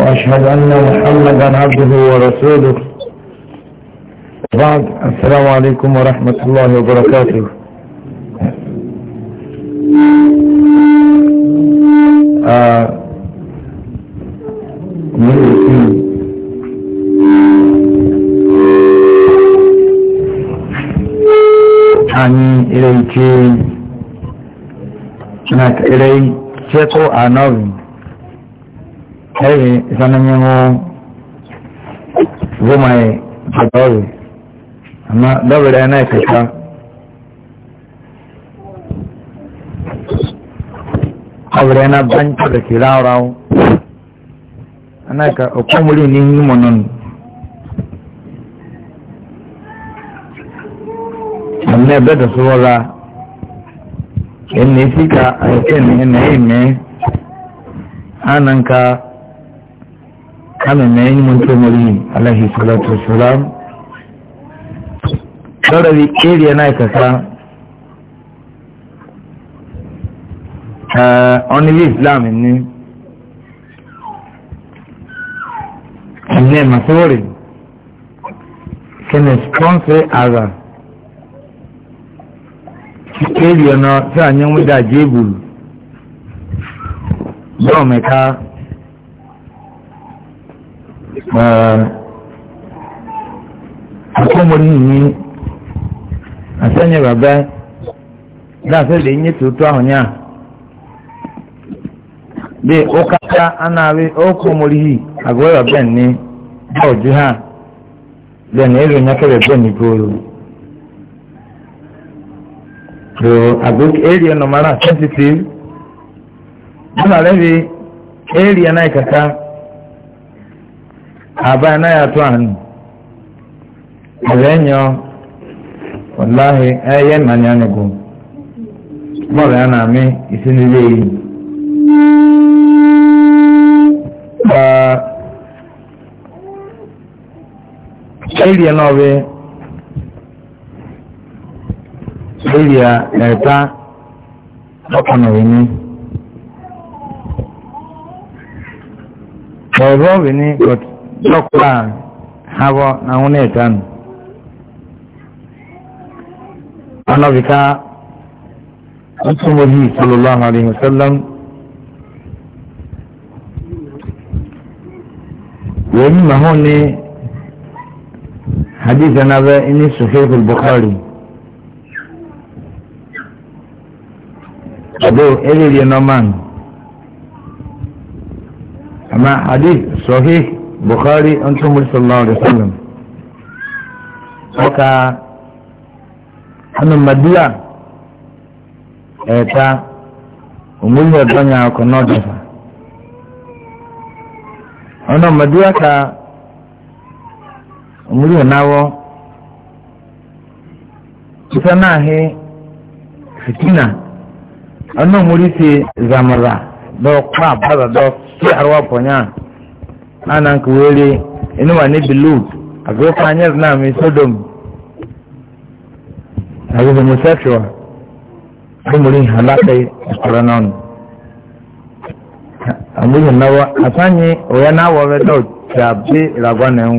وأشهد أن محمدا عبده ورسوله بعد السلام عليكم ورحمة الله وبركاته آه أني إليك هناك إلي تقو أنوي ẹ̀rì ìsanamíwọ́ gómàì àtọ́rì àmá dọ́bìrì ẹ̀nà ìkẹta ọbìrì ẹ̀nà báńkì rẹ̀kì ráúráú ẹ̀nà ìkà ọ̀pọ̀mùrì ní yímọ̀ náà àmì ẹ̀bẹ̀ dọ̀sọ́wọ́ra ẹ̀nà ìsìkà àìsẹ̀ ẹ̀nà ẹ̀mẹ́ ánànkà kánà náà ní mọ́tò mọ́rí aláhi sọ́lọ́tò sọ́lám lọ́rọ̀ bí area náà kàkà ọ̀nìlẹ̀ islam ní ẹ̀nẹ́ masori kẹ́nẹ̀ sponsor ara area náà sí àyẹ̀wò dà jébùlù bọ́ọ̀ mẹ́ka. akọ́mọdé yìí asẹ́nyẹ bàbá dáhùn sẹ́dẹ̀ yín tuntun àwọn yẹn a bí ọkàtà anáwé ọkọ̀mọdé yìí àgọ́ ha bẹ́ẹ̀ na èrò nyakẹ́ bàbá ní bọ́ọ̀lù tó àgọ́ èrì ẹ̀ sensitive bọ́ọ̀lù bi àbá iná yàtọ̀ àánú ọ̀rẹ́ yan wàláhì ẹ̀yẹ nànyà nìgò bọ́ọ̀lù yẹn nà mí ìsinilé yìí. Area náà bẹ area ẹ̀ta ọkàn òwe ní. Ọ̀rọ̀ òwe ní lọ́kùnrin habọ àwọn ẹ̀ka nù. ọlọ́bìká ọtúnmọ̀ yìí sallallahu alayhi wa sallam wọ́n mímọ̀ hàn ní hadith anabẹ́ ní sùfẹ́fù bukhari. ọdọ ẹlẹ́rìí ẹ̀ nọ́ọ̀mán àmà hadith sọ̀hí. bukhari an tún sallallahu alaihi wasallam ọkà anamadiya ẹ̀ẹ̀ta òmùlù ọ̀dọ́nyà ka òmùlù ọ̀náwọ́ ìfẹ́ na ahịa fitina anamuri ṣe zamara dọ̀ kwa àbára dọ̀ ana nke were inu ma ni below agro panyers na sodom homosexual na ọnụ amúyẹ̀ náwó àtànyé òyà na ọ̀rẹ́ náà ti àbí ìràgbá náà ń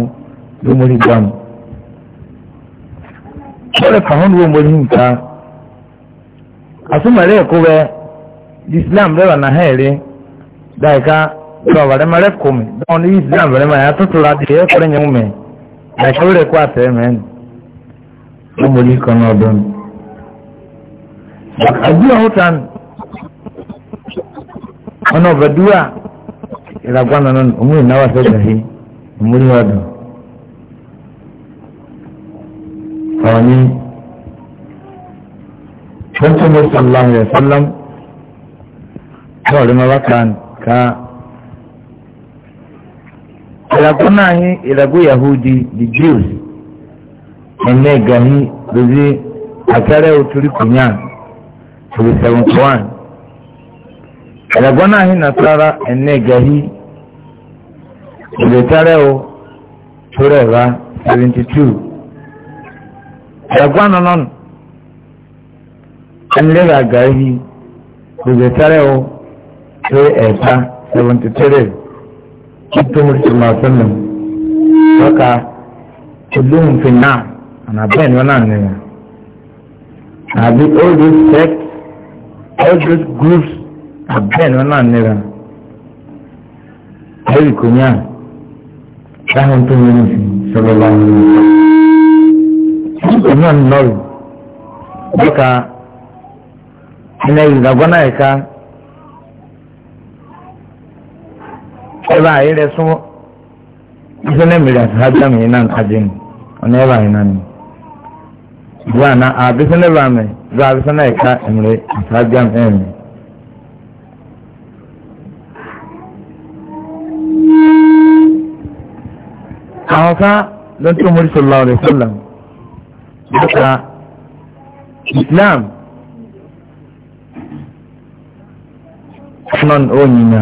lómórí gbàmù. ka kàhún wo mórí nǹka àtúmọ̀rẹ́ ẹ̀kọ́ wẹ islam rẹwà náà hẹ́ẹ̀rẹ́ ka wale mare kome don islam wale mare ato to la de eh, ko nyen me na ko re kwa te men o mo li ko no don adu hotan ono badua ila kwana non umu na wa so hi umu ni wadu awani Tantu Musa Allah ya sallam, kawai ma bakan ka ìràgó náà yín ìràgó yahudi the jews ẹ̀nẹ́ gani lórí akẹ́rẹ́ òtúrí kùnyàn tòlù seventy one ìràgó náà yín nàtàrà ẹ̀nẹ́ gani ìrètàrẹ́ o tòrò ẹ̀rá seventy two ìràgó ànánà ẹ̀nlẹ́gà gani ìrètàrẹ́ o tòrò ẹ̀ta seventy three títún mùsùlùmí ọ̀sánmi lọ́ka ìlúhùn fi náà àná bẹ́ẹ̀ ni wọ́n náà ní wọn. àbí all these sects all these groups àbẹ́ ni wọ́n náà ní wọn. lórí kò ní à láwọn tó ń yẹn nìyí sọ̀rọ̀ láwọn ní wọn. nígbà náà ní lọ́rù lọ́ka ẹnẹ́yìn ìgbàgbọ́ náà ẹ̀ka. ẹ̀bà ayé rẹ̀ súnmọ́ ìṣẹ́lẹ̀ mìíràn sáájà mi náà adé ni ọ̀nà ẹ̀bà yìí náà ni. ìwà náà àbísẹ́lẹ̀ bá mi lọ àbísẹ́lẹ̀ ẹ̀ka ẹ̀mìrẹ́ sáájà mi ẹ̀mí. àwọn ká ló ń tó mórí sọ̀rọ̀ ọ̀rẹ́ nípa islam. Ọ̀nà òyìnbó.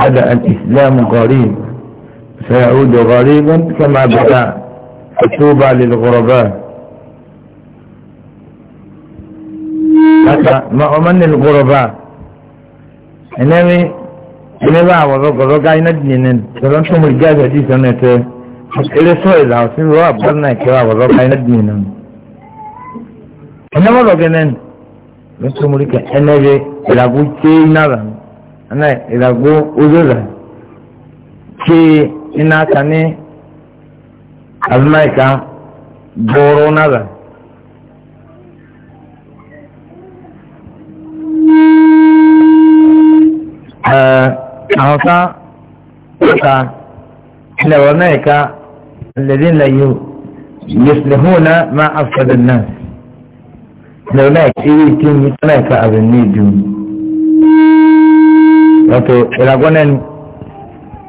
بدأ الإسلام غريب سيعود غريبا كما بدأ فتوبى للغرباء ما أمن الغرباء إنني إنما وغرباء قاين أدنين سلامتم الجازة دي سنة إلى سؤال عاصم راب برنا كلا وغرباء قاين أدنين إنما لو كنن سلامتم ان إنما لو كنن إنما لو كنن ana ìdàgbò ojúra kí iná aka ní azmáìka bọ̀rọ̀ náírà. àwọn ká ọ̀ka ilẹ̀ wọn náà ìka lẹ́dín lẹ́yìn yuslihuna ma afsada nas laula kiri tin mutana ka abin ne duniya wato iragonen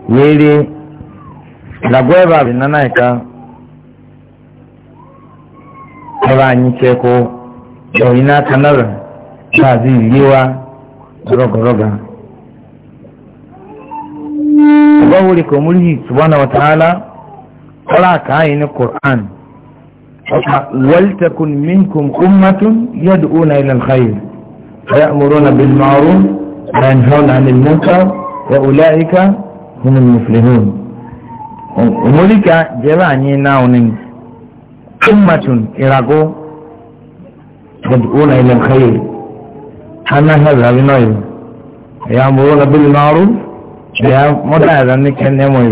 were rago ebe abin na naika ebe anyị chekwa ɗori na kanar ba zai yiwa roga-roga ọgbọ́n wuri kò múlì subhanahu wa ta'ala kọ́lá àkáyé ní qur'an ọ̀pá wọ́lítẹ̀kùn minkum ummatun yad'una ila alkhayr wa ya'muruna bil ma'ruf وينهون عن المنكر وأولئك هم المفلحون وملك جباني ناون أمة إراغو تدعون إلى الخير أنا هذا بنوي يأمرون بالمعروف يا مدعى ذلك النموي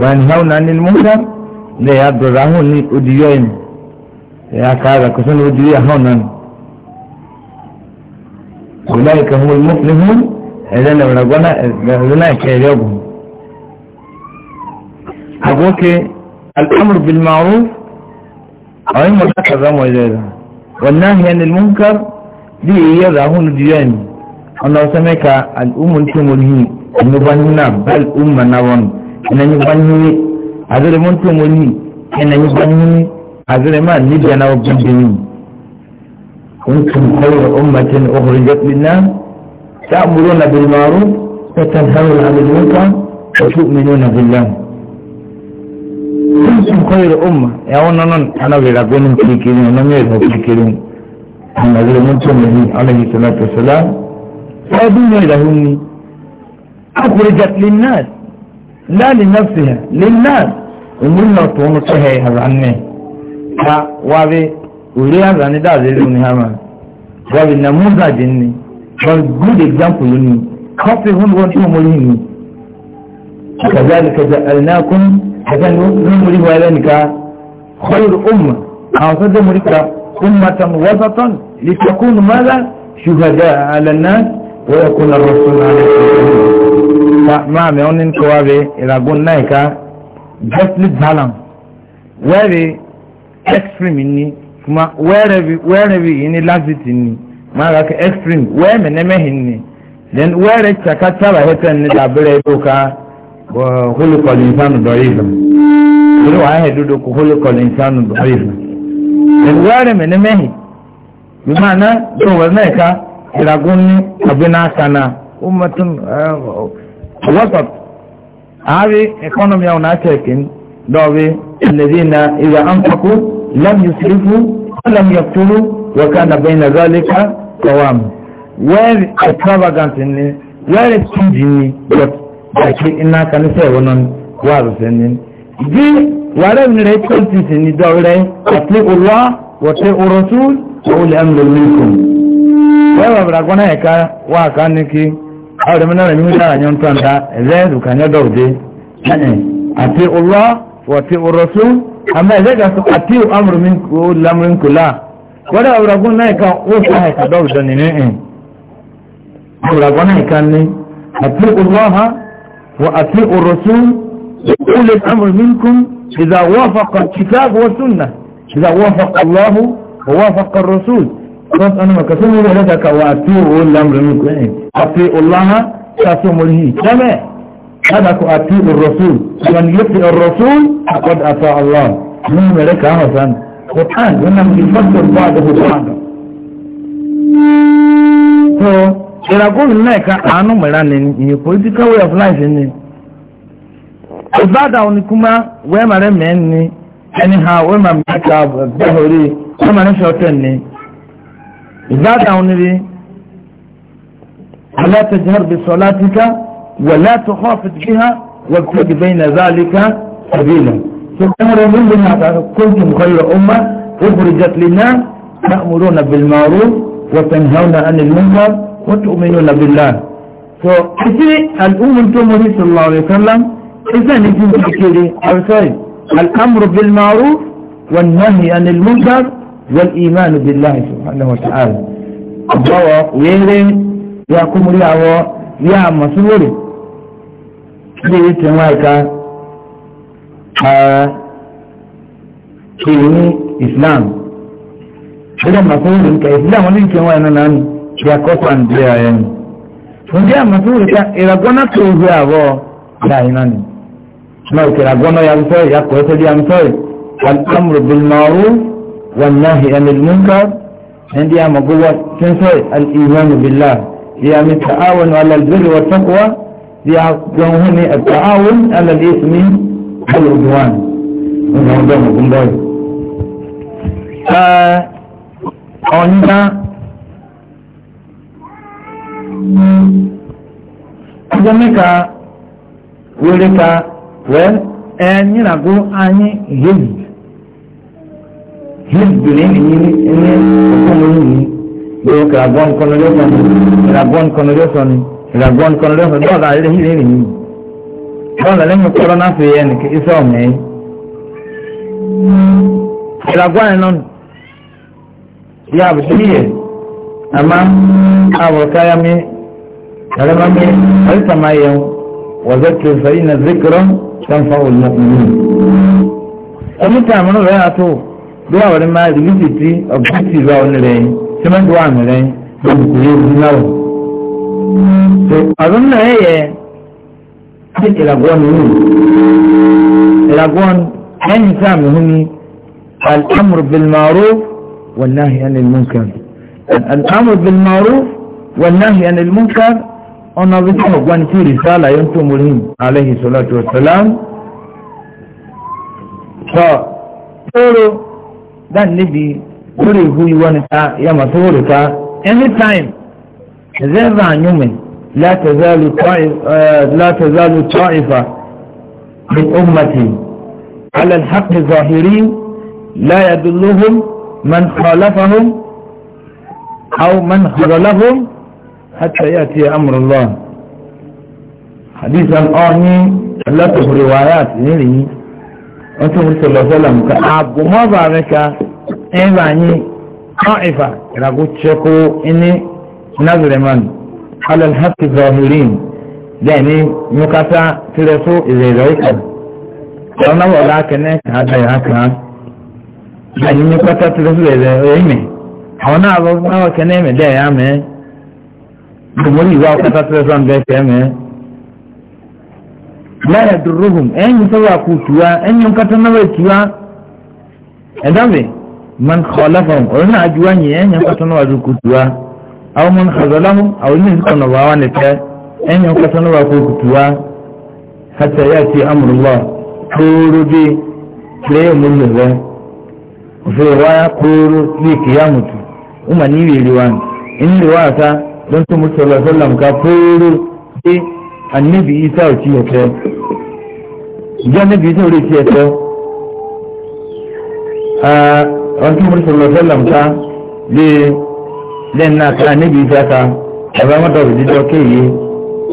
وينهون عن المنكر لا يدرعون أديوين يا كذا كسن أديوين أولئك هم المفلحون إذا لو ربنا أولئك يريبهم أقولك الأمر بالمعروف أي مرتكب أمر إذا والنهي عن المنكر دي يرعون ديان أنا سمعك الأم التمره نبنينا بل أم نوان أنا نبني هذا المنتمره إن نبني هذا ما نبني وبنبني كنتم خير أمة أخرجت للناس تأمرون بالمعروف وتنهون عن المنكر وتؤمنون بالله كنتم خير أمة يا أنا أنا بلغون كيكيرين أنا ميرها كيكيرين أنا بلغون تمني عليه الصلاة والسلام فأدون لهم أخرجت للناس لا لنفسها للناس ومن نطون صحيح عنه وابي òré àgbàní dáàzé ló ní hama wàbí nàmúzà jẹ ní wàbí good example ló ní kọfí hún wọn tí wọn mọ yìí ní. kàdáàlì kàdá àlìnákún kàdá ní wọn mọ yìí wàlẹ́ nìka kọ́lù ọmọ àwọn tó dé mọ yìí ká ọmọ tán wọ́sàtán lè tẹkùn mọ́lá ṣùgbọ́dá àlànà wọ́n yẹ kó na rọ̀ṣọ́ náà lè máa mi ọ́n ní kọ́ kuma were bi ini laxity ni mara ka extreme were mene mehin ni then were chaka tara hetan ni dabere doka hulu kol insanu dorifa hulu wa he dudu ku hulu kol insanu dorifa then were mene mehin bimana to wazna ka iragunni abina kana ummatun eh, wasat abi economy au na chekin dobi الذين إذا أنفقوا لم يسرفوا ولم يقتلوا وكان بين ذلك قوام where extravagant ni where stingy ni but like iná kan fẹ́ wọn náà wà lọ́sẹ̀ ni. bí wàrẹ́ mi rẹ̀ twenties ni dọ̀rẹ́ àti olùwà wọ̀tẹ́ oròtú òun lè ẹnu lómi kù. wẹ́ẹ̀ wà bàrà gbọ́n ẹ̀ka wà á ká ní kí àwọn ọ̀rẹ́ mi náà rẹ̀ mímú dára yẹn ń tàn dá ẹ̀rẹ́ ìdùkà yẹn dọ̀ọ̀dẹ́ àti olùwà wọ̀tẹ́ oròtú amma zai ga su atiyu amurmin ko lamrin kula wadda auragun na ikan wasu haika da wuce ne ne eh. in auragun na ikan ne atiyu allaha wa atiyu rasul قول الأمر منكم إذا وافق الكتاب والسنة إذا وافق الله ووافق الرسول خلاص أنا ما كسمه لك وأطيعوا الأمر منكم أطيعوا الله تسموا له تمام kada ku ati rasul man yuti rasul faqad ata Allah mun mereka hasan Quran wannan difassir ba'dahu ba'da so ira ko na ka anu merani ni political way of life ni ibada oni kuma we mare men ni anyhow we ma meka behori we mare shorten ni ibada oni ri ala tajhar bi salatika ولا تخافت بها وابتدي بين ذلك سبيلا فالأمر منذ بها كنتم خير أمة أخرجت للناس تأمرون بالمعروف وتنهون عن المنكر وتؤمنون بالله فإذن الأم أنتم صلى الله عليه وسلم إذن يجب تكيري أرسل الأمر بالمعروف والنهي عن المنكر والإيمان بالله سبحانه وتعالى الله ويري يا كمري يا مسؤولي bí ti wá ẹ̀ka ara ìrìn islam ṣẹlẹ̀ màfúrú nǹkan islam oníkẹ́ wá ẹ̀nà náà ni ṣe àkọ́kọ́ àǹdí ààrẹ ni ǹjẹ́ àmàfúrú ká ìràgbọ́nà tó ń gbé àwọ̀ ọ̀dà iná ni ṣùgbọ́n òkè ìràgbọ́nà ya ń sọ ìyá kọ́ ẹsẹ̀ bí ya ń sọ ì alamuru bil maru wa nahi anil munkar ndi amagowa sun sọ al imanu billah ya mi ta'awanu ala al birri wa يعقون التعاون على الإثم والعدوان ونعوذ بكم ذلك أنت أجمعك ولك well ẹni nàgó anyi hezb hezb ní ẹni ẹni ọkùnrin yìí lóòkè àgbọn kọnọdé sọni àgbọn kọnọdé sọni ìgbàgbọ́ nìkan lọ́wọ́ sọ dọ́ọ̀lá ilé ilé rẹ̀ yìí dọ́ọ̀lá lẹ́yìn kọ́rọ́ náà fi ẹnì kí iṣẹ́ ọ̀mẹ́ yìí ìgbàgbọ́ yẹn náà yà àbùtí yẹ àmà àwòká yà mí ẹ̀rẹ́ máa mí ọ̀rẹ́ sàmà yẹn wọ́sẹ̀ tó sẹ́yìn náà zikirọ́ sànfà olùmọ̀ ọ̀hún. ẹni tí àmì rẹ̀ yà bí àwọn ọ̀rẹ́ máa rìlíìsì tí ọ̀gbìn ti rà ọ̀nì ọdún náà yẹ ṣe ìràgọ́ nínú ìràgọ́ ẹni sáà mi hún ni al'amur bilmaru wannan yan ilmunkar al'amur bilmaru wannan yan ilmunkar ọ̀nà bí tí ọgbọ́n tí rìsálà yóò tó múrí aláhì sọ́látù ọ̀sálàm tọ́ tóóró dáa níbi lórí ìhú ìwọ́nìta yàmà tó wọ́rìta anytime ذرع يوم لا تزال آه، لا تزال طائفة من أمتي على الحق ظاهرين لا يدلهم من خالفهم أو من خذلهم حتى يأتي أمر الله حديثا آني ثلاثة روايات نيري أنتم صلى الله عليه وسلم كأبو وما بعدك إيه طائفة رقوت شكو إني نظر من على الحق الظاهرين يعني مكاسا ترسو إذا ذلك قلنا ولكن هذا يهكا يعني مكاسا ترسو إذا ذلك حونا عظمنا وكنيمة ده يا عمي بمولي ذاو كاسا ترسو عن ذلك يا عمي لا يدرهم أين يسوى كوتوا أين يمكاسا نويتوا أدامي من خالفهم قلنا أجواني أين يمكاسا نويتوا aw mun khazalahum aw min kana wa wani ta en yan ka sanwa ko kutuwa hatta yati amrullah kuru bi kire mun ne ba fi waya kuru ni kiyamutu umma ni wi riwan in riwa ta don su mutu sallallahu alaihi ka kuru bi annabi isa o ci yato ya nabi isa o ci yato a wani mutu sallallahu alaihi ka le den na ka ne bi ta ka ẹ̀rọ mọ́tò òbí dídọ́ kéye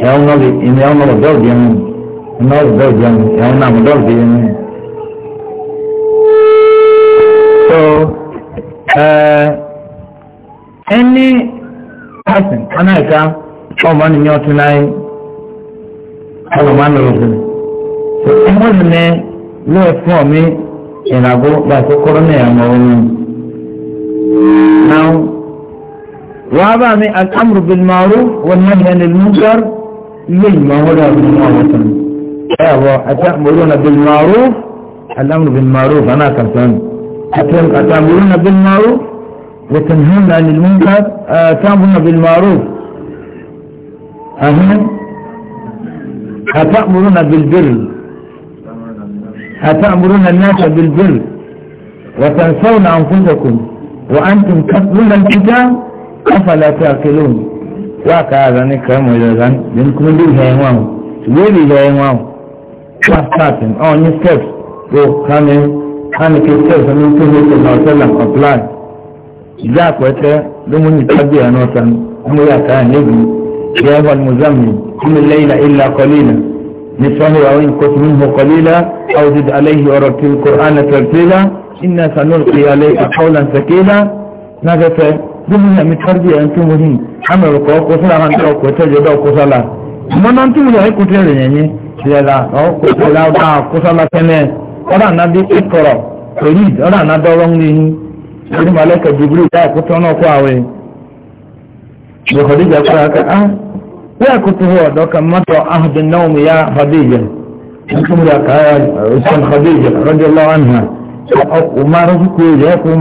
ẹ̀hún náà ìní ẹ̀hún náà ọ̀dọ́ òbí ẹ̀hún náà ọ̀dọ́ òbí ẹ̀hún ẹ̀hún náà ọ̀dọ́ òbí ẹ̀hún. so ẹni pàṣẹ anáìka ọmọ ni yóò tún láyé ọlọmọ àná lọsẹ so ẹmọ ni ní lóò fún ọmọ ìrìnàgbó láti kọ́rọ́ náà ẹ̀mọ́ ọ̀hún. وهذا الامر بالمعروف والنهي عن المنكر مما هو ايوه اتامرون بالمعروف الامر بالمعروف انا كفان اتامرون بالمعروف وتنهون عن المنكر اتامرون بالمعروف اهم اتامرون بالبر اتامرون الناس بالبر وتنسون انفسكم وانتم تتلون الكتاب أفلا تعقلون واك هذا نكرم ويزان لنكم دي جايموام تبوي دي جايموام شاف تاتم او ني ستيف بو كامي كامي كي ستيف من تو ميت صلى الله عليه وسلم أبلاي إذا كويت لمن يتحدي أنوسا أمو ياكا نبي جايب المزمن كم الليلة إلا قليلا نصفه أو إن كنت منه قليلا أو زد عليه ورتل القرآن ترتيلا إنا سنلقي عليك قولا ثقيلا ماذا bí mo yàn mi tọ́jú ẹ̀ ń tún mo yìn àmọ̀rò kọ́ kó sọ́la máa ń tẹ́ ọkọ̀ tẹ́jọ́ dọ́ kó sọ́la mo náà tún mo yàn kó tẹ́ rẹ̀ yẹn yín tiẹ̀ la ọkọ̀ tẹ́ la ọ̀dà kó sọ́la tẹ́lẹ̀ ọ̀dà náà dé ìkọ̀rọ̀ èyí ọ̀dà náà dọ́rọ́ ń léyìn ẹni malẹ́kẹ̀ dùbúrú ìdá ìkótọ́ náà kó àwẹ̀ ìdọ̀kọ̀díjà kó ra ah, ká á bí àkótó wọ̀ dọ́kà mọ́tò ahùdín náà mi yá fàdíjà nítorí àkàrà ìṣàn fàdíjà rọ́jọ́ lọ́wọ́ àná ọkọ̀ máa rọ́ṣùkú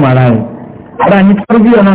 ara ní tọ́jú ọ̀nà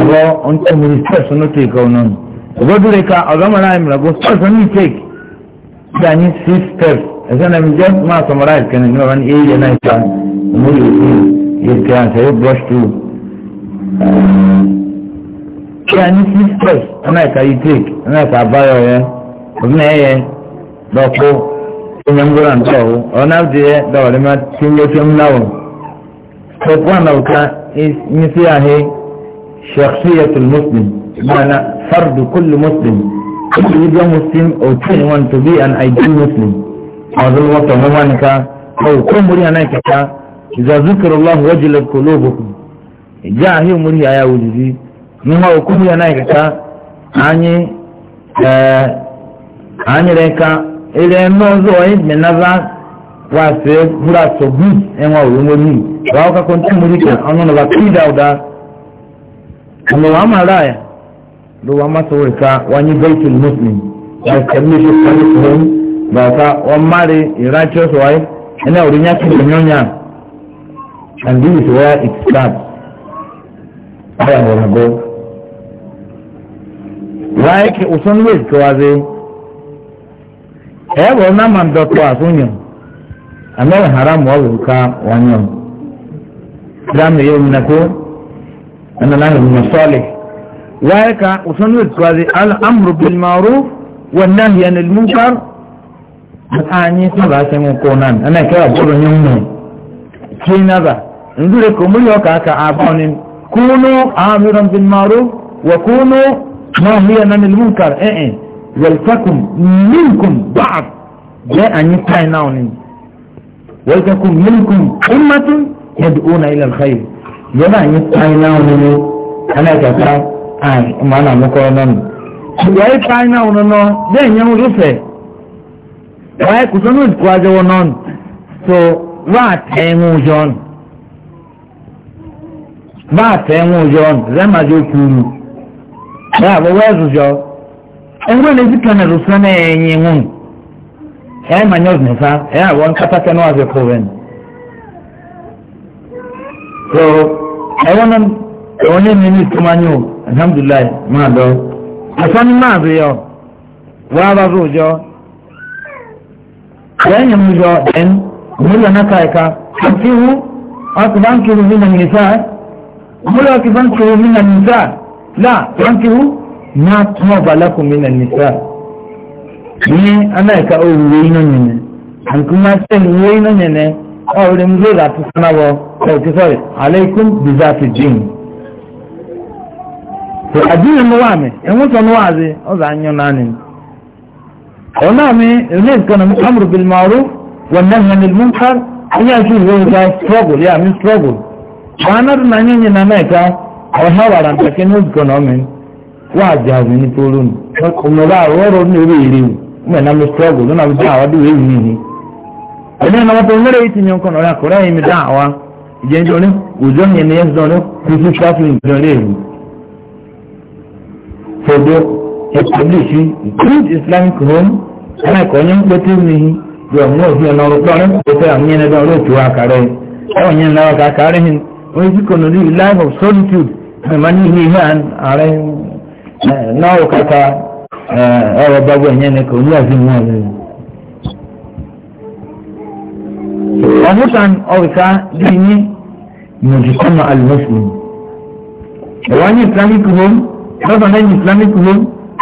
àbọ̀ ọ̀ntẹ́ mi stress ọ̀nà tó ìkọ̀ ọ̀nà nù ọgọ́dún lè ka ọ̀gọ́mọ̀lá ìmìlẹ̀gbọ́ stress ọ̀nà ìtẹ́kì bí a ní six steps ẹ̀sẹ̀ náà mi jẹ́ máa summarize kẹ́ni ní ọ̀rọ̀ ní èyí yẹn náà ìta ọmọ yóò fi yẹ kí a ṣe é brush through kí a ní six steps ọ̀nà ìka ìtẹ́kì ọ̀nà ìka àbáyọ yẹn ọ̀nà ẹ̀yẹ lọ́kọ́ ìyẹn ń gbọ́ نسياه شخصية المسلم معنى فرد كل مسلم كل مسلم أو تين وان to be an ideal Muslim هذا الوقت ممانك أو كل مريا نايكا إذا ذكر الله وجلت قلوبكم جاء هي مريا يا وجزي نما كل مريا نايكا أني أني ريكا إلى نوزو إذ من نظر wa se mura so bi enwa wo mo ni wa ka kon tan mo ni ke ono na ki da da ono wa ma ra ya do wa ma so ka wa ni baitul muslim wa kalmi shi kalmi ko ba ka wa mare iracho so ai e ina uri nya ki nyonya and this is where it starts aya mo na go like ke usun wi na man do to asunyo amma haramu wa ka wanyo damu yau na ko anna lahu min salih wa ka usanu kwazi al amru bil ma'ruf wan nahyi anil munkar ani to ba sai mu konan ana kai aburo nyin mu kina ba ndure ko mun yoka ka abawnin kunu amiran bil ma'ruf wa kunu nahyan anil munkar eh eh ولتكن منكم بعض جاء نتاي ناونين ولتكن منكم أمة يدعون إلى الخير يبقى يتعين ونمو أنا كفا أي ما أنا مكرنا يتعين ونمو دين يوم رفع وهي كسنو الكواجة ونون so wá tẹ̀mú jọ́n bá tẹ̀mú jọ́n rẹ́màdé kúrú bá àbọ̀wọ́ ẹ̀rù jọ ẹgbẹ́ lè fi kànáà lọ́sọ́nà ẹ̀yìn wọn ẹ̀ mà nyọ́ nìfà ẹ̀ àwọn nkátá kẹ́nu àti kò wẹ̀ ní. so ẹ̀wọ́n náà ẹ̀wọ́n yẹn ní ní ìtumá ní o alhamdulilayi máa dọ́ àfọ́nì máa bẹ̀ yọ wọ́n á bá bọ̀ jọ ẹ̀yìn mi jọ ẹ̀ń òmùlẹ̀ náà ká àti wú ọkùnrin bá ń kiri mí nà nìfà òmùlẹ̀ ọkùnrin bá ń kiri mí nà nìfà láà bá ń náà tún ọ̀bà lẹ́kùn mí nà nìfà ni ana ka owo ino nyene an kuma sen ino nyene awo le mzo da tu sana bo ko ti sorry alaikum bi zati din to adin mo wa me e mo so no wa ze o za nyo nani ona mi ne ko na amru bil ma'ruf wa nahy anil munkar anya ju wo da struggle ya mi struggle bana na nyenye na na ka o ha wa ran ta ke no wa ja mi ni to lu ko no ba ro ro ni ri ri mgbe na m strọgụ nọ na m awa dị wee yi ihe onye na wata nwere itinye nkọ nọrọ na anyị mi awa ije ndị onye nye na ya onye kwụsị trafikin ndị onye ewu fodo establish good islamic home ana ka onye mkpete n'ihi dị ọmụmụ ozi ya n'ọrụ kpọrọ mkpete ahụ nye n'ebe ọrụ otu akara ya ihe a ẹ̀rọ eh, gbogbo ẹ̀yẹn ni kò ní àfihàn wọn rẹ̀. ọ̀hútan ọ̀rìkà bíi ní mùsùlùmí alùmọ́sùlùmí. ẹ̀wá ní islamic home lọ́sọ̀ náà ní islamic home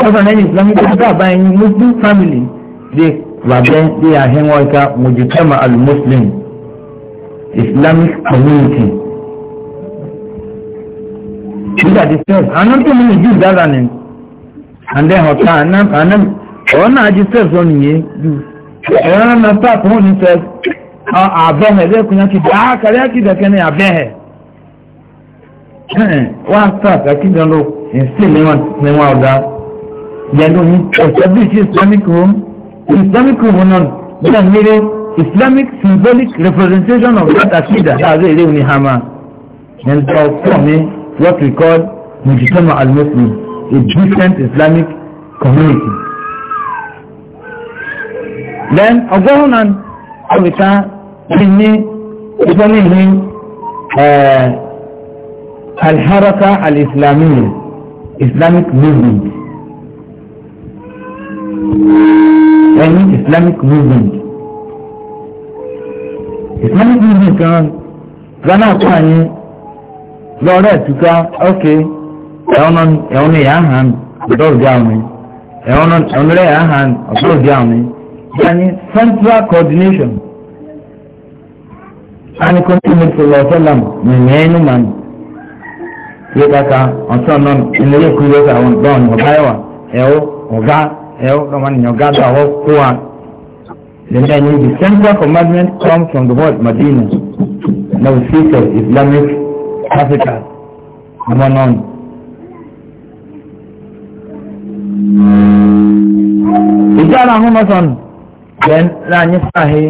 lọ́sọ̀ náà ní islamic home tó àbá ẹ̀yìn muslim family dé wàbẹ́ dé àhẹ́wọ̀n ọ̀rìkà mùsùlùmí alùmọ́sùlùmí islamic community nígbà tí sẹ́ẹ̀sì àwọn tó mú ní jù dára nìyí and then ọ̀tá àná ọ̀rọ̀ náà jí steps wọn nìyẹn ju ẹ̀rọ náà na staff wọn ní steps àbẹ̀hẹ̀ ẹgbẹ́ kùnyà kìdì á kàrí àkìdẹ̀kẹ́ ní àbẹ̀hẹ̀ wá staff àkìdẹ̀ lọ instead ní wọn ọ̀dà yẹnu ní establish islamic home islamic home náà náà nílé islamic symbolic representation of that àkìdẹ̀ àti èrè òní hama and for me what we call mujitama al-muslim a different Islamic community. Then ọgọ́rùn-ún náà ọ̀bìtá ti ní ìfọ́nì ní alharaka al-islamiyya Islamic movement. Ẹni Islamic movement. Islamic movement kan Ghana kọ́ àyín lọ́rẹ́ ìtúká okay ẹ̀wọ̀n ẹ̀wọ̀n yà á hàn ọ̀dọ́rùdì àwọn yìí ẹ̀wọ̀n rẹ̀ yà á hàn ọ̀dọ́rùdì àwọn yìí yanni central coordination ani kò ní ìmọ̀tò lọ́sọ̀làm nìyẹn inú màá nù yé kaka ọ̀tọ̀ náà ìlérí kú yóò sàwọn dọ́ọ̀n ọ̀gá ẹ̀wà ẹ̀wọ̀ ọ̀gá ẹ̀wọ̀ kọ́mọ nìyẹn ọ̀gá dọ̀ àwọ̀ kó wa lẹ́nu ẹ̀yìn the central commandment comes from the word madina na we see for islamic africa ọmọ náà ìjà náà hún mọ́sán bẹ́ẹ̀ náà ní sáàhí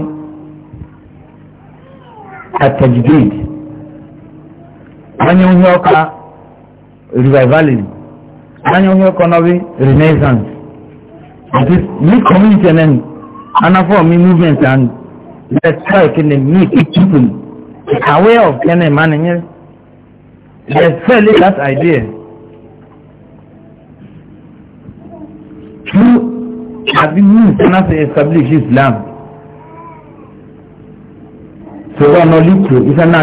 àtẹ̀jìdéèd wọ́n yẹ ohun ọkà revivalism wọ́n yẹ ohun ọkà nọ́bí renaissance àti ní community ẹ̀ nẹ́nu anáfọ́ mi movement and let's try kí ni meet people aware of kẹ́ni ìmánìyẹn let's sell it that idea. àbí mú ìtànà sí establish islam sọ̀rọ̀ ọ̀nà lítò ìsànà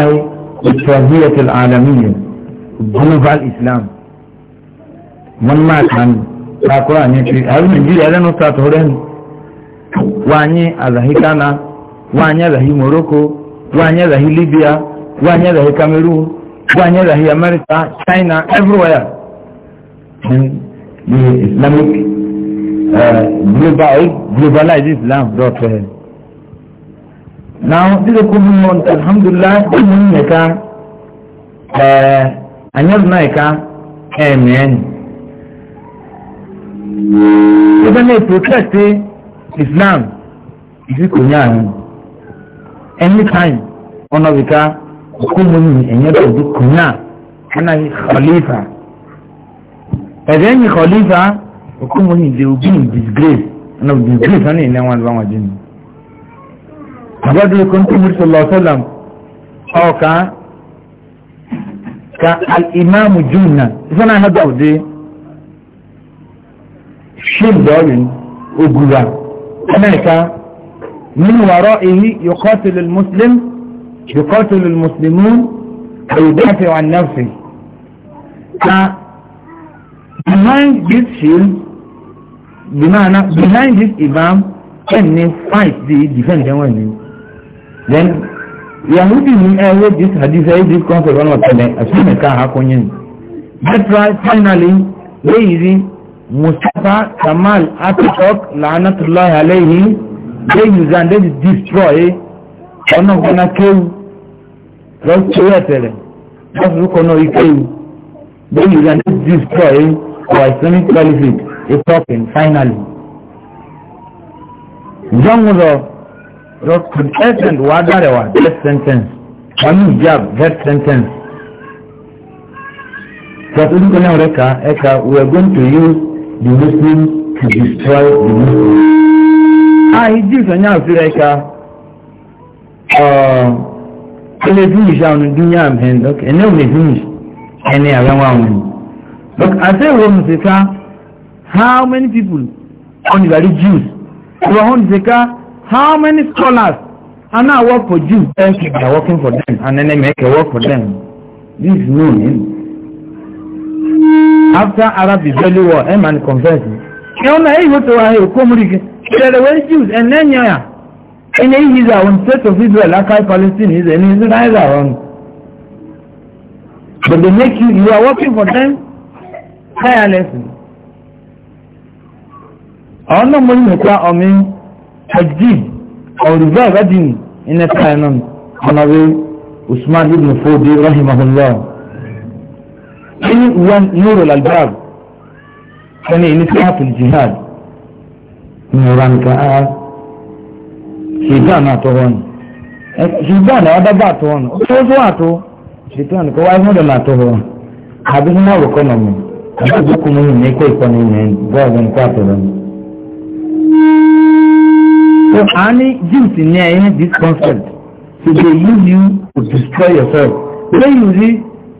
ìtọ̀híyàtì àdàmìyàn global islam wọn máa kàn lákọ́ àní pé àwọn nàìjíríà lẹ́nu sàtọ̀ rẹ̀ wọ́n á ní àzàhí kánà wọ́n á ní àzàhí morocco wọ́n á ní àzàhí libya wọ́n á ní àzàhí cameroon wọ́n á ní àzàhí america china everywhere. And Islamic global globalize islam dot uh, now this is common month alhamdulillah mun ne ka eh anyar na ka amen ebe na protest islam isi ko nya ni anytime ona bika ko mun ni enye do kunya ana khalifa ẹ̀rẹ́ ni khalifa òkú mo ní they will be in disgrace no disgrace wọn ní ìní àwọn àdúrà wọn jẹ ní. àbádúró kan tó mú sọlọ sọlọm ọkà ka al'imamu juna suna hada ude shin dorin ogura amurka min wara'ihi yuqatilu al-muslim yuqatilu al-muslimun wa yudafi ka behind this shield bimana behind this imam ẹn ni fight the defend ẹwọn ni then yahudi ni ẹ eh, wo this hadith ẹ eh, this concept ọlọmọ tẹlẹ ẹsùn nìkan akọnyẹ ni that's why finally wéyìí rí mustapha kamal atikok laanatulahi alayhi dey use am dey destroy ọ̀nà gbọ́nà kéwù lọ́sọ̀rọ̀ ẹ̀tẹ̀rẹ̀ lọ́sọ̀rọ̀ kọ́nà ìkéwù dey use am dey destroy eh, our islamic caliphate a talking finally. Jongulo wrote contestant Wadarewa death sentence. Kamu Jab death sentence. But Udukunareka Eka, we are going to use the Muslims to destroy the Muslims. Ah, he did Sonya Afrika. Uh, ele finish down dunya am hen. Okay, and now we finish. Ene awen wa wen. Look, I say we must how many people on the very Jews Rahon Zeka how many scholars are now work for Jews thank you they are working for them and then they make a work for them this is known after Arab Israeli war Eman confesses yọ́nà èyí tó wáyé kómúrìkì ṣẹlẹ̀wé jews ẹ̀nẹ́yìn ọ̀yà ẹni èyí is our state of israel akai palestine is ẹni israel around but they make you you are working for them tirelessly àwọn náà mọ́lú mẹ́ta ọmọ hajji ọ̀rùbá ìbádìí iná káyánà ọ̀nàwé usman ibn fodi rahimahullah ẹni wọn nuru lalbab ẹni ẹni tí a fi jihad nìran ká a ṣèdá náà tọwọ́ ni ṣèdá náà dábàá tọwọ́ ni ó tó tó àtó ṣètò àná kó mọ́dọ̀ náà tọwọ́ àbí mọ́ àwòkọ́ nà mọ́ àbí àbúkù mọ́ ní ẹ̀kọ́ ìkọ́ni ìyẹn bọ́ọ̀lù nǹkan àtọ̀rọ̀ ni. So any Jews in there in this concept. So they use you to destroy yourself. When you see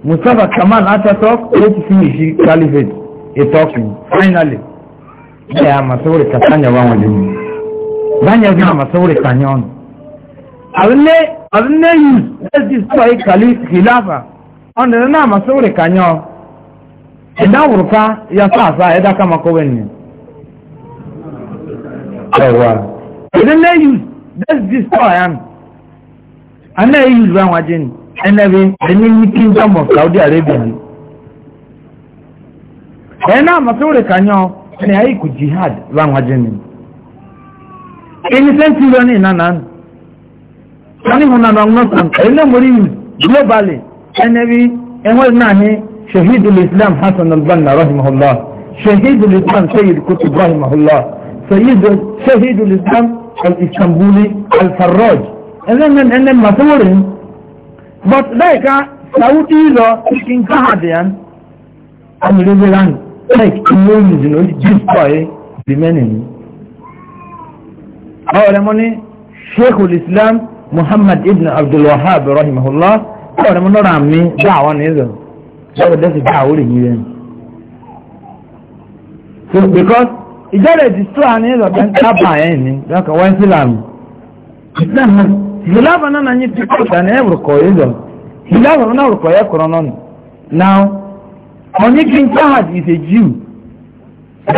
Mustafa Kamal Ataturk, let's finish caliphate. A talking. Finally. They are Masauri Katanya Wamadini. Banya Zina Masauri Kanyon. Avne, avne use, let's destroy Khalif Khilafa. Under the name Masauri Kanyon. Ẹ̀dá òrùka yàtọ̀ àṣà ẹ̀dá kàmàkọ́wẹ́ ni. Ẹ̀wà they don let use that's this how i am i no use one And ẹnẹbi ẹni ní kingdom of saudi arabia ni ẹ náà mọ̀tòrè kanyọ ẹni ayé kò jihad one wajen ni ẹni sẹ́ńtúrọ̀ ní ìnana wọ́n ní ìhùnà ọ̀gbọ́n kan ẹni náà mo rí use globally ẹnẹbi ẹ̀wọ̀n náà ní شهيد الإسلام حسن البنا رحمه الله شهيد الإسلام سيد قطب رحمه الله سيد شهيد الإسلام al-Istanbuli al-Farraj ẹlẹ́nẹ̀n ẹnẹ́ màtúwòrì but láìka uh, Saudi lọ kí n káhàdì yẹn amúlẹ́gbẹ́ rán like ìwé òyìnbó ní jíṣọ́ ẹ bìmẹ́nì ni. àwọn ọ̀rẹ́ mọ́ ní sheikh islam muhammad ibn abdul wahab rahimahullah àwọn ọ̀rẹ́ mọ́ lọ́rọ̀ àmì bá ní ìzọ̀ lọ́wọ́ dẹ́sẹ̀ bá àwọn òrìyìn rẹ̀. because ìjọ́rẹ̀ ti tó àní ìlọ̀tẹ́ ń tábà ẹ̀ ní lọ́kọ̀ wọ́n sílàmù ìsìlámù ìlàbà náà ní ẹ̀rùkọ̀ ìlọ̀ ìlàbà náà rùkọ̀ yẹ kọ̀rọ̀ now is a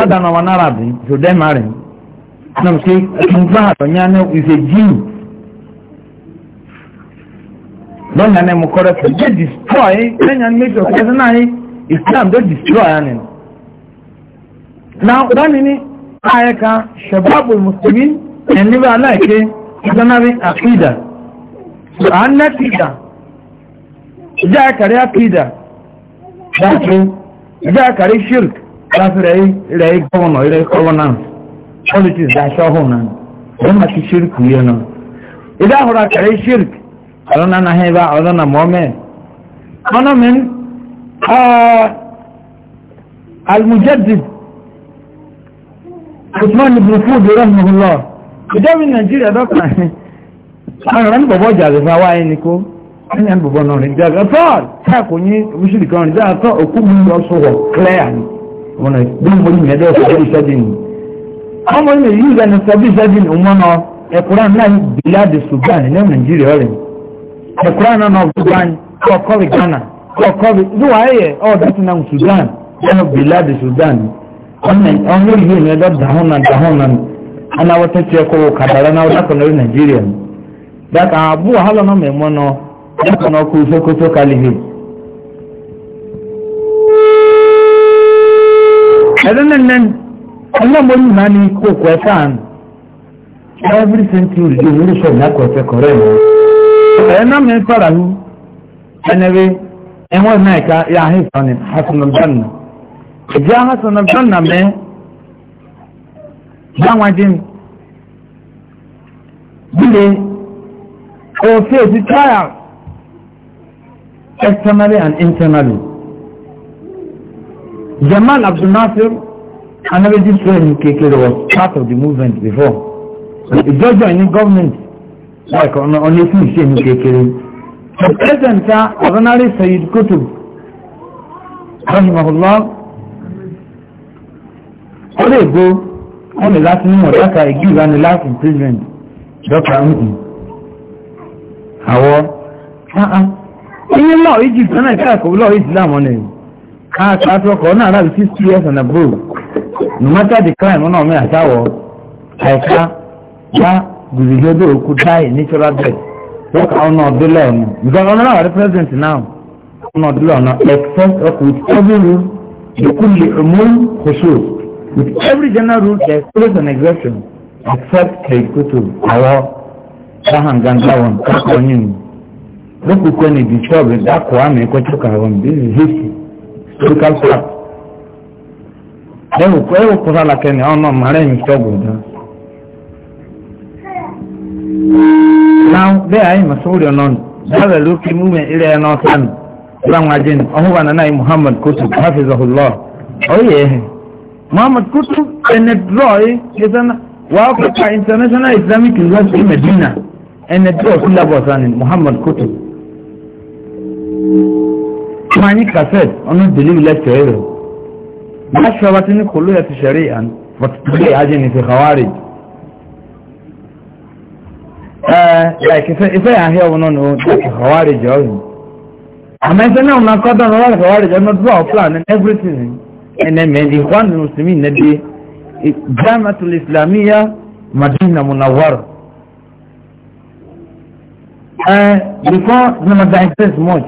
na nara na is a jew dey destroy lẹ́yìn animation ọ̀sẹ̀ náà islam dey destroy anụ na ɗani ne ayaka shababul musulmin yan liba alaike zanarin akida su an na fida ja a kare akida da su ja a kare shirk za su rayu rayu governor rayu governance politics da shahun nan don maki shirku yi nan idan hura kare shirk a na haiba a ranar mome ọ̀nà min al-mujaddid Usman ibn Fudu rahimahullah ìjọba Nàìjíríà dọ́kà àwọn ọ̀rọ̀ bọ̀bọ̀ jàre fún àwa ẹni kó ẹni àti bọ̀bọ̀ náà rìn jàre ọ̀tọ́ káàkó ní oṣù kan rìn jàre ọ̀tọ́ òkú mi lọ sọ̀rọ̀ clear ni wọn náà bí mo ní ẹ̀dọ́ ọ̀sọ̀ bí ìṣẹ́jì ni wọ́n mọ̀ ní yíyá ni sọ bí ìṣẹ́jì ni wọ́n náà ẹ̀kúrà náà ní bíládì Sudan ní Nàìjíríà rẹ̀ ẹ̀kúrà náà náà Sudan kọ́ọ̀kọ́rì wannan an wuri ne da dahunan dahunan ana wata ce ko kadara na wata kanar nigeria da ka abu wahala na mai mono da kana ku so ko so kalihi adan nan Allah mo ni nani ko ko san every century di wuri so na ko te kore mo e na me para hu enewe e mo na ka ya hi sanin hasan al ẹ̀jẹ̀ ahasan abdulna mẹ́ báwọn dín bílẹ̀ ọ̀fẹ́ ti trial externally and internally jamal abdulnasir anabedi training kékeré was part of the movement before ìjọjọ ní government like ọ̀nà ọ̀nà ìfún ìṣẹ́ni kékeré the president ordinary sayid kutub rahimahullah ọ lè go ọ lè láti ní ọ̀dá ka igi ìlànà life imprisonment dọ́kà ń hù àwọ̀ iye lọ egypt náà káàkó lọ islam ọ̀nà ẹ̀ káàkó àtọkọ̀ náà láti sixty years and above no matter the crime ọ̀nà ọ̀mẹ́ àtàwọ̀ àìká bá gùzìgbẹ́dọ̀ òkú die natural death dọ́kà ọ̀nà ọ̀dọ́lọ̀ ọ̀nà because ọ̀nà náà wà now ọ̀nà ọ̀dọ́lọ̀ ọ̀nà except ọkùnrin tọ́bí lu ìkúlẹ̀ ọmọ kòṣòrò. With every general rule, there is always an exception, except Keikutu, Awa, Bahangandawam, Kakonim. Look who can be troubled, that Kwame one eh, this is history, historical fact. Then we pray for Salakene, eh, oh no, my name is Togo. Now, there I am a soldier non, that's a looking movement, it eh, is not son. Ram Ajin, Ahuana Nai Muhammad Kutu, Hafizahullah. Oh yeah. Muhammad Kutu Kutub ẹnẹdúrọ̀ ẹsẹ̀nà wà á kọ́kọ́ International Islamic University Medina ẹnẹdúrọ̀ sílábọ̀sá ni Muhammad Kutub. Máa ní cassette ọ̀nà ìdílé lẹ́tọ̀ ẹ̀rọ. Máa ṣe ọba tí ní kòló ẹ̀ ti ṣẹ̀rí àn bọ̀tùtùlé ajé ní ti Hawari. Ìfẹ́ àhẹ́ ọ̀nà ni ó ti Hawari jọ yìí. Àmọ́ ẹsẹ̀ náà ń kọ́ dán lọ́wọ́ Hawari jọ náà dúró àwọn plan and everything enemen ikhwan muslimin na de jamatul islamiyya madina munawwar eh before no matter express much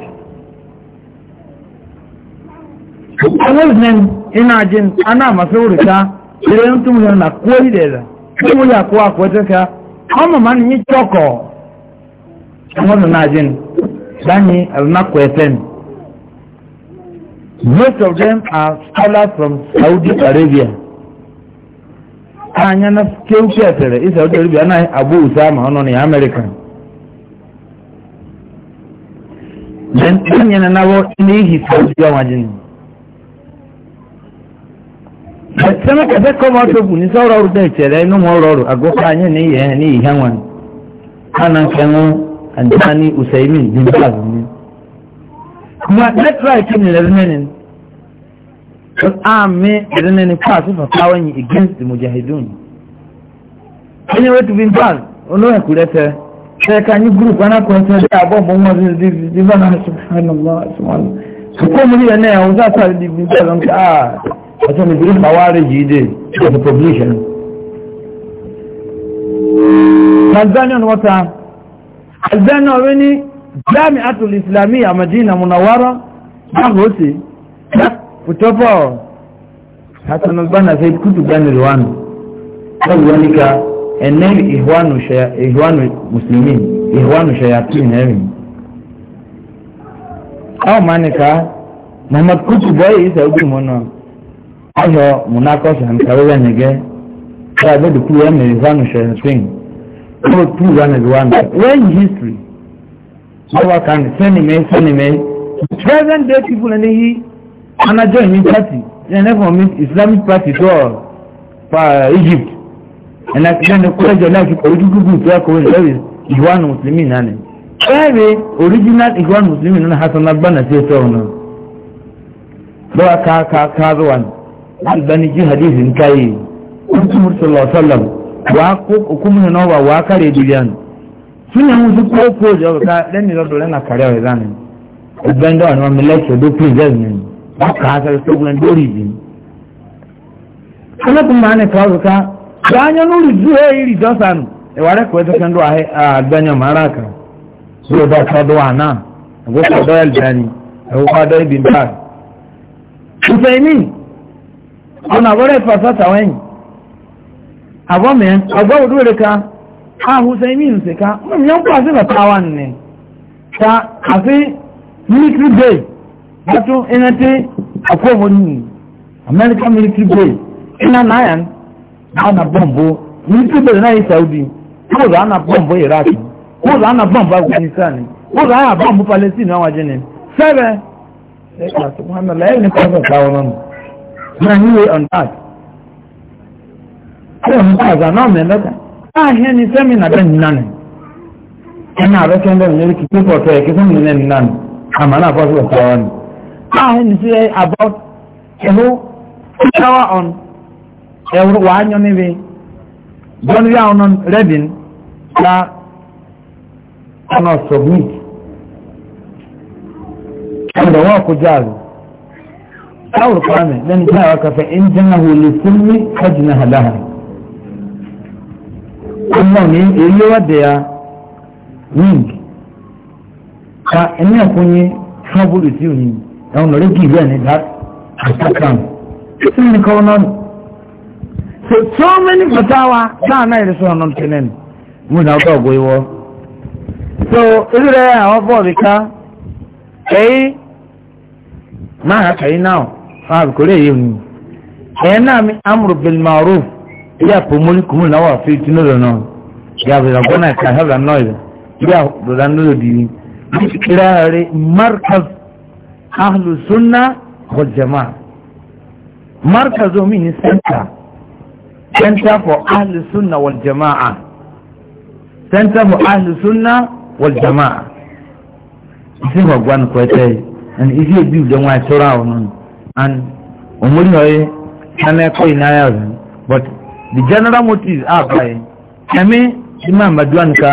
kawai nan ina jin ana masaurika idan mutum yana koyi da yadda kuma ya kuwa kuwa ta ka kama man yi choko kuma na jin dani na kwefen Most of them are scholars from Saudi Arabia. Anya na kewuke etere i Saudi Arabia na Abu Usama ọnọ na America. Then anya na nawo n'ihi Saudi ọnwa jini. Sẹ́mi kẹsẹ́ kọ́ máa tó kù ní sọ́rọ̀ ọ̀rọ̀ dẹ̀ ìtẹ̀rẹ́ inú mọ́ ọ̀rọ̀ ọ̀rọ̀ àgọ́kọ́ anyẹ́ ní ìyẹn ní ìhẹ́ wọn. Kánà kẹ́nu Àdáni Usaimin ní Báàlú kuma lẹ́tírà kí ni lẹ́rìnẹ́ni tún àmì lẹ́rìnẹ́ni pàṣẹ fàtàwọn yìí against the mujahidun. mujahideen ẹni wọ́n ti fi ń pàṣ olóyè kú lẹ́tẹ̀ ṣẹ́ka ní gúrùpù anákọ̀ọ́sẹ̀ dé àbọ̀ mọ́ wọn sí di bá náà subhanallah subhanallah ṣùkọ́ mi yẹn náà ọ̀hún sáà sáré di bí bẹ́ẹ̀ lọ́n ká ọ̀tọ́ mi gúrùpù àwárí yìí dé ọ̀tọ̀ publication. tanzania ni wọ́n ta albania ọ̀rẹ́ ní jami'atul islamiyya madina munawara ba hose ya fito fa hasan albana sai kudu gani ruwanu kan wani ka enel ihwanu shaya ihwanu muslimin ihwanu shayatin ne aw manika muhammad kutu boy isa ubi mono ayo munako san kawe nyege ka be du kuya me ihwanu shayatin ko tu gani ruwanu when history lọ́wọ́ kan sẹ́nìmẹ́ sẹ́nìmẹ́ present day people ẹni yí anájọ́ ìmí party ẹni fún mi islamic party tó pa egypt ẹni akẹ́kẹ́ ni kọ́lẹ́jọ́ náà fi kọ́ ojú gúgú tó ẹ̀kọ́ ìlẹ́rìí ìwánu mùsùlùmí náà ni ẹ̀rẹ̀ original ìwánu mùsùlùmí náà hasan agbana sí ẹ̀tọ́ ọ̀nà lọ́wọ́ ká ká ká rọwàn albani jí hadith nkáyé wọ́n tún mú sọlọ́ọ̀sọ́lọ́ wàá kó okùnmùnà náà wà wàá kárẹ̀ dùlẹ̀ sínú àwọn tó kúrò kúrò jọ kàkà lẹ́nu ìlọ́dọ̀ lẹ́nu àkàrẹ́ ọ̀rẹ́ dání ẹgbẹ́ ń dọ̀wọ́ ní lẹ́kẹ̀ẹ́ ló pín ìjẹ́ ìmú wọn kà á sẹ́yìn tó gbọ́n lórí ìdí. ọlọ́pàá máa ní kàwé ká dáányọ́ lórí ju ẹ̀ ìrì dọ́sánù ìwà rẹ̀ kọ́ ẹ̀ tó fẹ́ ń dọ̀ àgbẹ̀yàn mara kà ló dọ̀ tọ́dọ̀ àná ẹ̀gbọ́kọ̀ dọ́ ẹ̀lẹ́ni ẹ̀gbọ́kọ̀ dọ́ ibi bá. ìfẹ̀mí ọ̀nà a hussein su ka manyan kwasu da tawan ne ta afi military bay wato ina e te a kowani american military bay ina e nayan ana bombo military bay na yi saudi ko da ana bombo iraq ko za ana bombo afghanistan ko za ana bombo palestine waje ne sebe sai e ka subhanallah yayin ne kwasu da tawan nan na yi on that. Ayo, mba, za na mẹ́lẹ́ta ahịa ni sẹ́mi na bẹ́ẹ̀ nínú ni ẹ̀nà àbẹ́kẹ́ ndẹ́ ònyẹ́rì kìí pípọ̀ tẹ́ ẹ̀kí sẹ́mi nínú nínú ni àmà náà fọ́ sílẹ̀ tọ́wọ́ ni ahịa ni sẹ́ abọ́ ẹ̀hó ọ̀n ẹ̀wọ̀ wà á nyọ́ níbi bọ́ọ̀nù yà ọ̀nà rẹ́dìn ká ọ̀nà submit ẹ̀dọ̀ wọ́n kó jáàlù táwùrù kọ́ àmì lẹ́nu táwọn kàfẹ́ ẹ̀ńjẹ́ náà wọlé fún mi kájìnà hàdáhàdá ọmọ ni èyí wọ́dẹ̀ ya wing ka ẹni ẹ̀kọ́ yẹn fún bóòlù sí òní ẹ̀wọ̀n lọ́rẹ́ kì í bẹ́ẹ̀ ní that àtàkàn sí ní kọ́ náà so so many fatawa náà náà yẹrẹ sọ ọ̀nà tẹ́lẹ̀ ní mo náà ọ̀gá ọ̀gbọ́ ìwọ́ so ìrírẹ́ àwọn bọ́ọ̀lù ká èyí máa kàyí náà fún àbíkọ́lẹ̀ yìí òní ẹ̀yẹ náà mi amúrò bẹ̀lẹ̀ máa rò ya pomori kumu na wa fi tinu do no ya bi na gona ka ha no ya ya do dan do di kira re markaz ahlu sunna wal jamaa markaz o min center center for ahlu sunna wal jamaa center for ahlu sunna wal jamaa isi wa gwan ko te and isi e bi do wa e tora won and omori hoye ana ko inaya but the general motives are ah, by ẹ̀mí imam maduan ka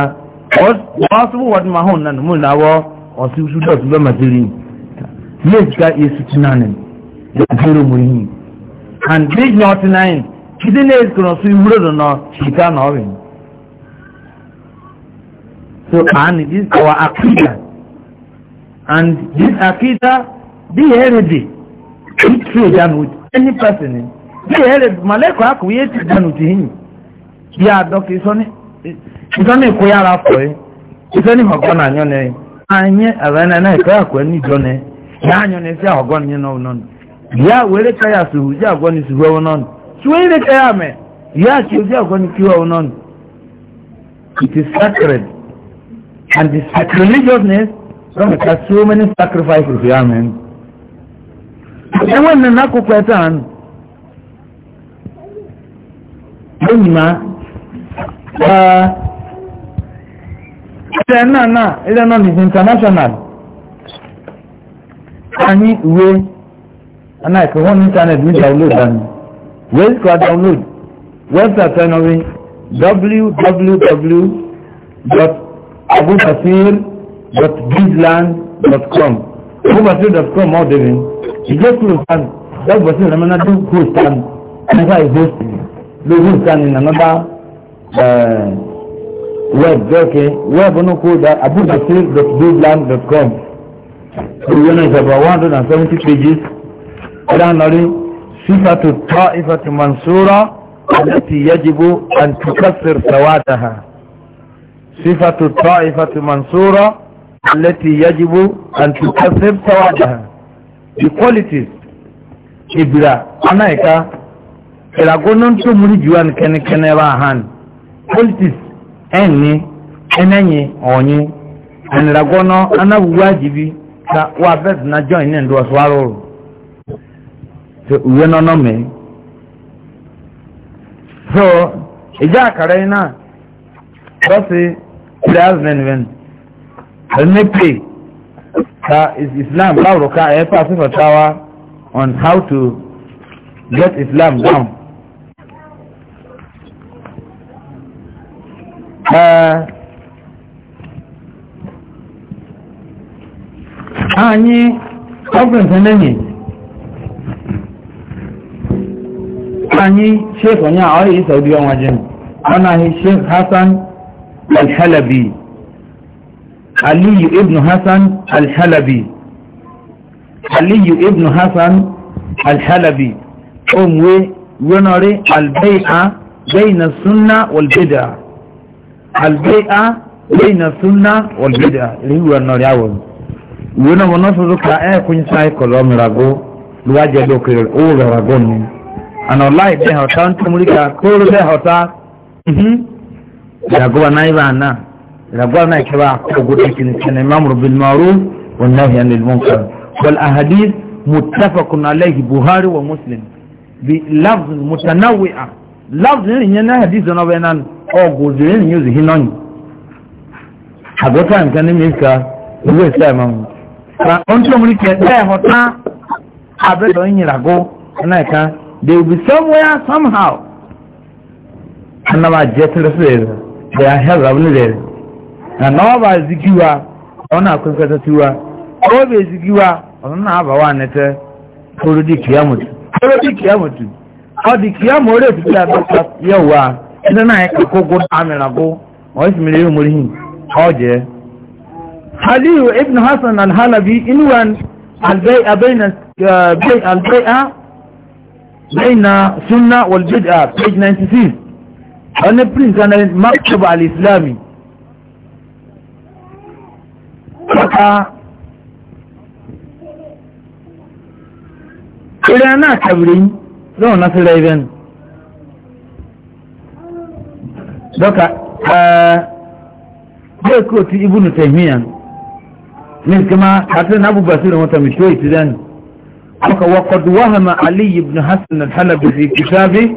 wọ́n sọ́wọ́ wọ́n máa hàn náà múlò náwọ́ ọ̀sùn sùdọ̀ sùdọ̀ màtírí yéèjì ká iye sixty nine ìdúró mu yìí and page ninety nine kìdí ní èsì kìrọ̀ sí ìwúrò dùn náà ṣìkà náà rìn. so and this is our akida and this akida be heredity it trade am with any person bí ẹ̀rẹ̀ mọ̀lẹ́kọ̀ àkùyé ti dànù tí yìí bí àdọ́kì ìsọ́nì ìkó yára pọ̀ ẹ́ ìsọ́nì ọ̀gọ́nà àyọ́nẹ́ anyẹ́ àbẹ́nà ìkọ́ it is sacred and the sacrilegiousness don make so many sacrifices yá mẹ́ ẹ̀wọ̀n nínú akókò ẹ̀ lónìí máa ilẹ̀ náà náà ilẹ̀ náà is international anyi ìwé anáìkè wọ́n ní internet ní download dání wẹ́ẹ́ sì kọ́ download website ẹnu rí www.abufasir.bizland.com abufasir.com ọ̀dẹ̀rẹ̀ ìjẹ́kùrù kan lọ́gbọ̀sí ìrànmọ́nádún host and ẹ̀ka ìhost lórí nǹkan ní nànàbà eh, web dọ́kẹ́ web ní kó da abudasir.googland.com ìwé náà ìjọba one hundred and seventy pages ìdánilọ́rí sífàtú tọ́ ìfàtú mansura àti yẹjibu àtúkàsir sawataha sífàtú tọ́ ìfàtú mansura àti yẹjibu àtúkàsir sawataha the qualities ìbìrà anáìka iragonon tó múlí jù wá kẹ́nẹ́kẹ́nẹ́ bá hàn politics ẹ̀ní ẹ̀nẹ́yìn ọ̀nyí ẹ̀nìragonon anáwùwá jìbí ta wà fẹ́ẹ̀tì náà jọ́ ìní ẹ̀ndọ́ ọ̀ṣọ́rọ̀ rò tó ìwé nọ́nọ́ mi. so ìjà àkàrà yìí náà lọ́sí players nìyẹn ẹ̀mí pay ta islam láwùrọ̀ ká ẹ̀ pàṣẹ fọ̀tàwá on how to get islam down. anyị ọgụntụ n'enyi anyị sheikh onye a ọrịa saudi ọnwa jim ọnaghị sheikh hassan al-halabi aliyu ibn hassan al-halabi aliyu ibn hassan al-halabi o mwe gwenori al-bai'a bayna albai'a baina sunna wal bid'a liwa no yawo wona wono so ka e kun sai kolom rago luwa je do ke o rago ni ana lai be ha tan tumulika ko be ha ta mhm rago na iba na rago na ke ba ko gudu kin kin imamru bil ma'ruf wal nahy anil munkar wal ahadith muttafaqun alayhi buhari wa muslim bi lafz mutanawwi'a lafzi ni nyɛ na hadisi na bɛ nan ɔgu zuri ni yuzi hinɔnyi agota nka ne mi ka ewu esi ama mu na ɔntɔmuli kɛ dɛ hɔta abɛ dɔ they will be somewhere somehow anaba jɛ tere so yɛrɛ they are held up ne yɛrɛ na na ɔba zigiwa ɔna akɔnkɔta tiwa ɔba ezigiwa ɔno na aba wa anɛtɛ koro ọdị ka ya ma ore tutu ya dọkịta ya ụwa ndị na-anyị akwụkwọ amịrị abụ ma ọ simiri ya umuri hin ọjị Aliyu ibn Hassan al-Halabi inuwan albai'a baina uh, sunna wal bid'a page 96 wani prince ana maktab al-islami kaka kira na lóun náà sílẹ̀ ibẹ̀ nù. dọ́kà bẹ́ẹ̀ kó ti ibùnú tẹ̀míyàn ní kìmá àti náà bùbá sí ìrìn tàbí ṣó ìtìlẹ̀ nù. Aka wakad wahama Ali ibn Hassan al-Halabi fi kitabi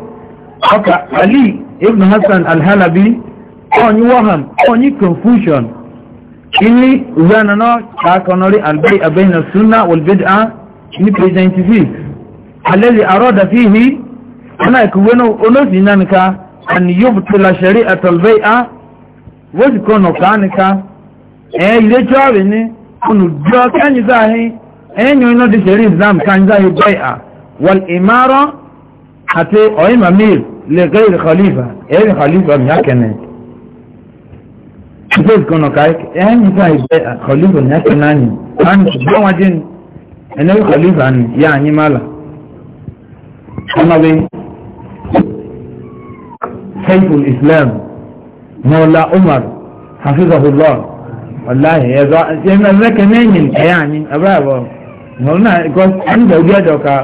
Aka Ali ibn Hassan al-Halabi onyi waham onyi confusion ini zana no ka kanori albai abaina sunna wal bid'a page 96 alẹ́lẹ̀ àrọ́dà fi hì aláìkúwé náà olóòsì náà nìka àni yóò bù tìlà ṣẹ̀rí àtọ̀lbẹ́ à wọ́n sì kọ́ nọ̀ká nìka ẹ̀ ilé tíwárì ní olùdíọ́ kányìzáhì ẹ̀yìn iná di ṣẹ̀rí islam kányìzáhì bẹ́ẹ̀ à wọ́n ìmárọ̀ àti ọ̀yìn khalifa ẹ̀rì khalifa mi hákẹ́nẹ̀ ṣùgbọ́n ìkọ́ nọ̀ká ẹ̀yìn ìzáhì khalifa mi hákẹ́nẹ̀ ẹ̀yìn ìgbọ́n wájú ẹ̀nẹ́rì khalifa ni yá àyín mọ́lá ọmọdé saiful islam mọ́lá umar hafizahullah wàláhì ẹ̀zọ́ ẹ̀mẹ́rẹ́kẹ́ mẹ́yìn ẹ̀yà ni abúrábọ̀ mọ̀lá náà ẹ̀kọ́ ẹ̀ńdà ojú ẹ̀dọ̀ ka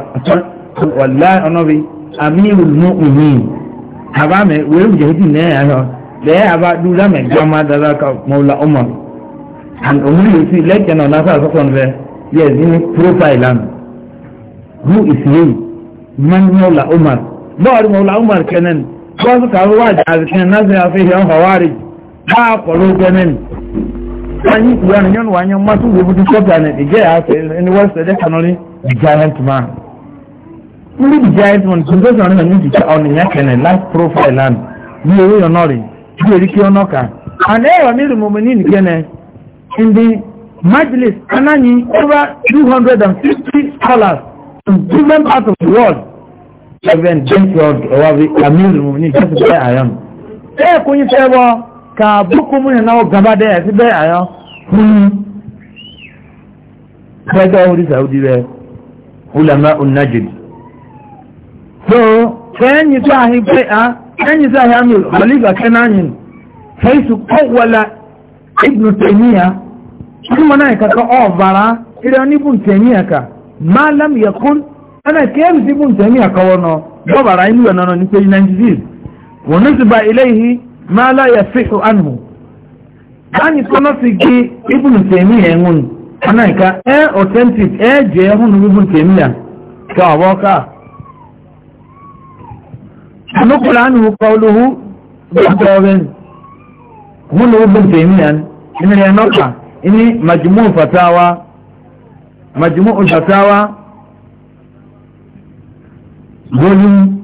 wàláhì ọ̀nọ́bi amirul mu'minin àbámẹ́ wẹ́rẹ́ mùjẹ́hìdì náà ẹ̀yà lẹ́yìn àbá dúdámẹ́ gbọ́mọ́ dára ka mọ́lá umar and òun yóò fi lẹ́kẹ̀ẹ́ náà náà sọ̀rọ̀ sọ̀rọ̀ bẹ́ẹ̀ yẹ́ ẹ̀dín profile am who is he man maula umar bawar maula umar kenan ba su karu wa jazikin nasu ya fi yan hawari ba kwaro kenan an yi kuwa na yan wanyan masu gobe duk kwata na ɗige ya fi in wasu da giant man ndị giant man tun zai zaune na nufi ta aunin ya kenan life profile land ni ewu ya nori ni erike ọnọka a na ewa miru momini ni kenan ndị majalis ananyi over 250 dollars improvement out of the world seven ten twelve ọwọ bi amuse mu ni just bẹ́ẹ̀ àyàn. bẹ́ẹ̀ kò yín fẹ́ bọ́ ka boko mu nana gaba dẹ́ ẹ̀ sí bẹ́ẹ̀ àyàn fún pẹ́ẹ́tọ́ orí saudi rẹ̀ ulama unajid. so kẹ́yìn sí àhín pé a kẹ́yìn sí àhín amil khalifa kenanin fẹ́ẹ́sì kọ́wọ́lá ibnu tẹ̀míyà kí wọ́n náà kàkọ́ ọ̀ bàrà ilé oníbùn tẹ̀míyà kà ma lam yakun ana kiyar ti bun tani a kawono gobara inu yana nan ni page 96 wa nisba ilayhi ma la yasihu anhu ani kono si gi ibn tani enun ana ka e authentic e je hun ibn tani ya ka waka نقل عنه قوله بحضارين هم ابن تيمية إن هي نقع إني مجموع فتاوى majmu'ul fatawa volume